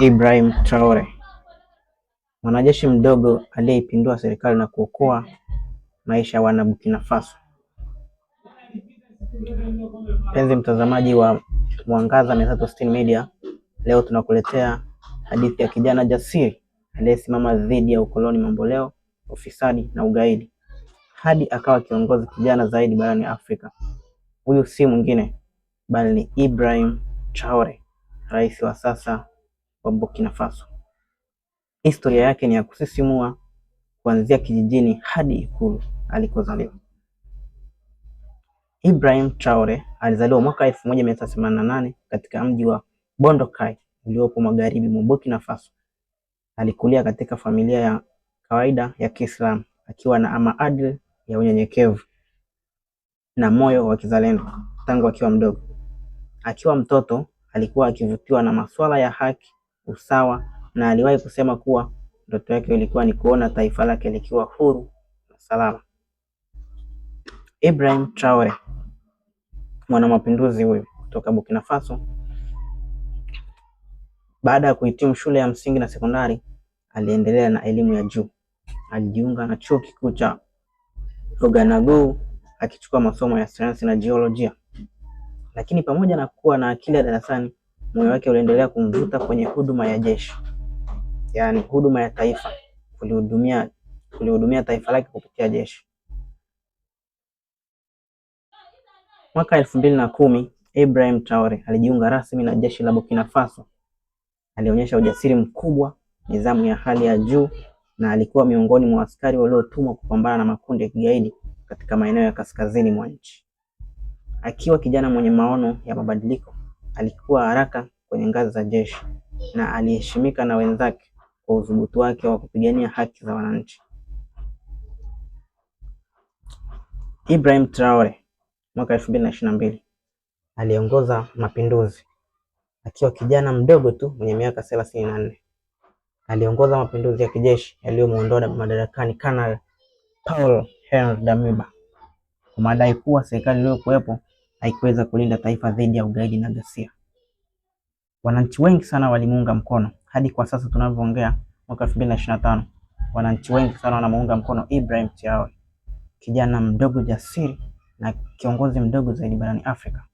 Ibrahim Traore, mwanajeshi mdogo aliyeipindua serikali na kuokoa maisha ya wana Burkina Faso. Mpenzi mtazamaji wa Mwangaza 360 Media, leo tunakuletea hadithi ya kijana jasiri aliyesimama dhidi ya ukoloni mamboleo, ufisadi na ugaidi hadi akawa kiongozi kijana zaidi barani Afrika. Huyu si mwingine bali ni Ibrahim Traore, rais wa sasa wa Burkina Faso. Historia yake ni ya kusisimua, kuanzia kijijini hadi ikulu alikozaliwa. Ibrahim Traore alizaliwa mwaka 1988 katika mji wa Bondokai uliopo magharibi mwa Burkina Faso. Alikulia katika familia ya kawaida ya Kiislamu akiwa na adil ya unyenyekevu na moyo wa kizalendo tangu akiwa mdogo. Akiwa mtoto alikuwa akivutiwa na masuala ya haki usawa na aliwahi kusema kuwa ndoto yake ilikuwa ni kuona taifa lake likiwa huru na salama. Ibrahim Traore, mwanamapinduzi huyu kutoka Burkina Faso, baada ya kuhitimu shule ya msingi na sekondari, aliendelea na elimu ya juu. Alijiunga na chuo kikuu cha Ouagadougou akichukua masomo ya sayansi na jiolojia. Lakini pamoja na kuwa na akili ya darasani, moyo wake uliendelea kumvuta kwenye huduma ya jeshi, yaani huduma ya taifa, kulihudumia kulihudumia taifa lake kupitia jeshi. Mwaka elfu mbili na kumi Ibrahim Traore alijiunga rasmi na jeshi la Burkina Faso. Alionyesha ujasiri mkubwa, nidhamu ya hali ya juu, na alikuwa miongoni mwa askari waliotumwa kupambana na makundi ya kigaidi katika maeneo ya kaskazini mwa nchi. Akiwa kijana mwenye maono ya mabadiliko, Alikuwa haraka kwenye ngazi za jeshi na aliheshimika na wenzake kwa udhubutu wake wa kupigania haki za wananchi. Ibrahim Traore mwaka 2022 aliongoza mapinduzi akiwa kijana mdogo tu mwenye miaka 34. Aliongoza mapinduzi ya kijeshi yaliyomuondoa madarakani Kanali Paul Henri Damiba kwa madai kuwa serikali iliyokuwepo haikuweza kulinda taifa dhidi ya ugaidi na ghasia. Wananchi wengi sana walimuunga mkono hadi kwa sasa tunavyoongea, mwaka 2025 wananchi wengi sana wanamuunga mkono Ibrahim Traore, kijana mdogo jasiri na kiongozi mdogo zaidi barani Afrika.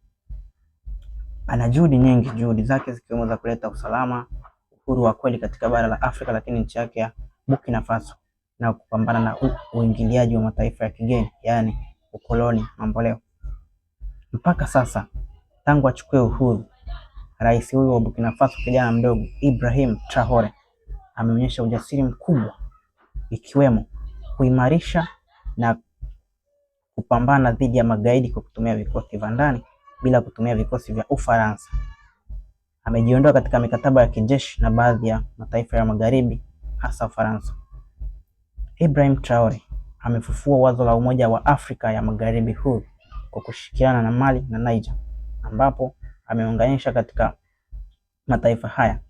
Ana juhudi nyingi, juhudi zake zikiwemo za kuleta usalama, uhuru wa kweli katika bara la Afrika, lakini nchi yake ya Burkina Faso na kupambana na uingiliaji wa mataifa ya kigeni, yaani ukoloni mamboleo. Mpaka sasa tangu achukue uhuru, rais huyu wa Burkina Faso kijana mdogo Ibrahim Traore ameonyesha ujasiri mkubwa, ikiwemo kuimarisha na kupambana dhidi ya magaidi kwa kutumia vikosi vya ndani bila kutumia vikosi vya Ufaransa. Amejiondoa katika mikataba ya kijeshi na baadhi ya mataifa ya magharibi hasa Ufaransa. Ibrahim Traore amefufua wazo la umoja wa Afrika ya magharibi huru kwa kushirikiana na Mali na Niger ambapo ameunganisha katika mataifa haya.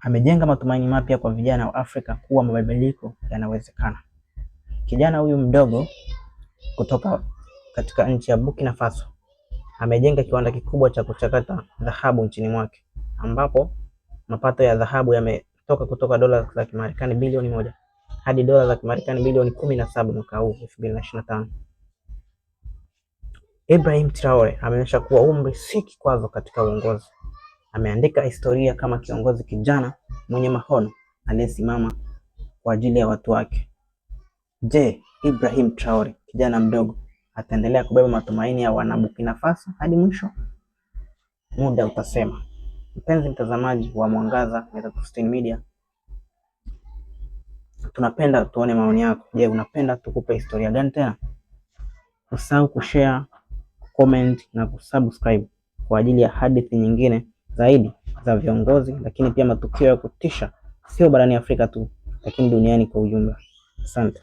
Amejenga matumaini mapya kwa vijana wa Afrika kuwa mabadiliko yanawezekana. Kijana huyu mdogo kutoka katika nchi ya Burkina Faso amejenga kiwanda kikubwa cha kuchakata dhahabu nchini mwake ambapo mapato ya dhahabu yametoka kutoka dola za Kimarekani bilioni moja hadi dola za Kimarekani bilioni kumi na saba mwaka huu elfu mbili na ishirini na tano. Ibrahim Traore ameonyesha kuwa umri si kikwazo katika uongozi. Ameandika historia kama kiongozi kijana mwenye mahono aliyesimama kwa ajili ya watu wake. Je, Ibrahim Traore kijana mdogo ataendelea kubeba matumaini ya wana Burkina Faso hadi mwisho? Muda utasema. Mpenzi mtazamaji wa Mwangaza 360 Media, tunapenda tuone maoni yako. Je, unapenda tukupe historia gani tena? Usahau kushare comment na kusubscribe kwa ajili ya hadithi nyingine zaidi za viongozi, lakini pia matukio ya kutisha, sio barani Afrika tu, lakini duniani kwa ujumla. Asante.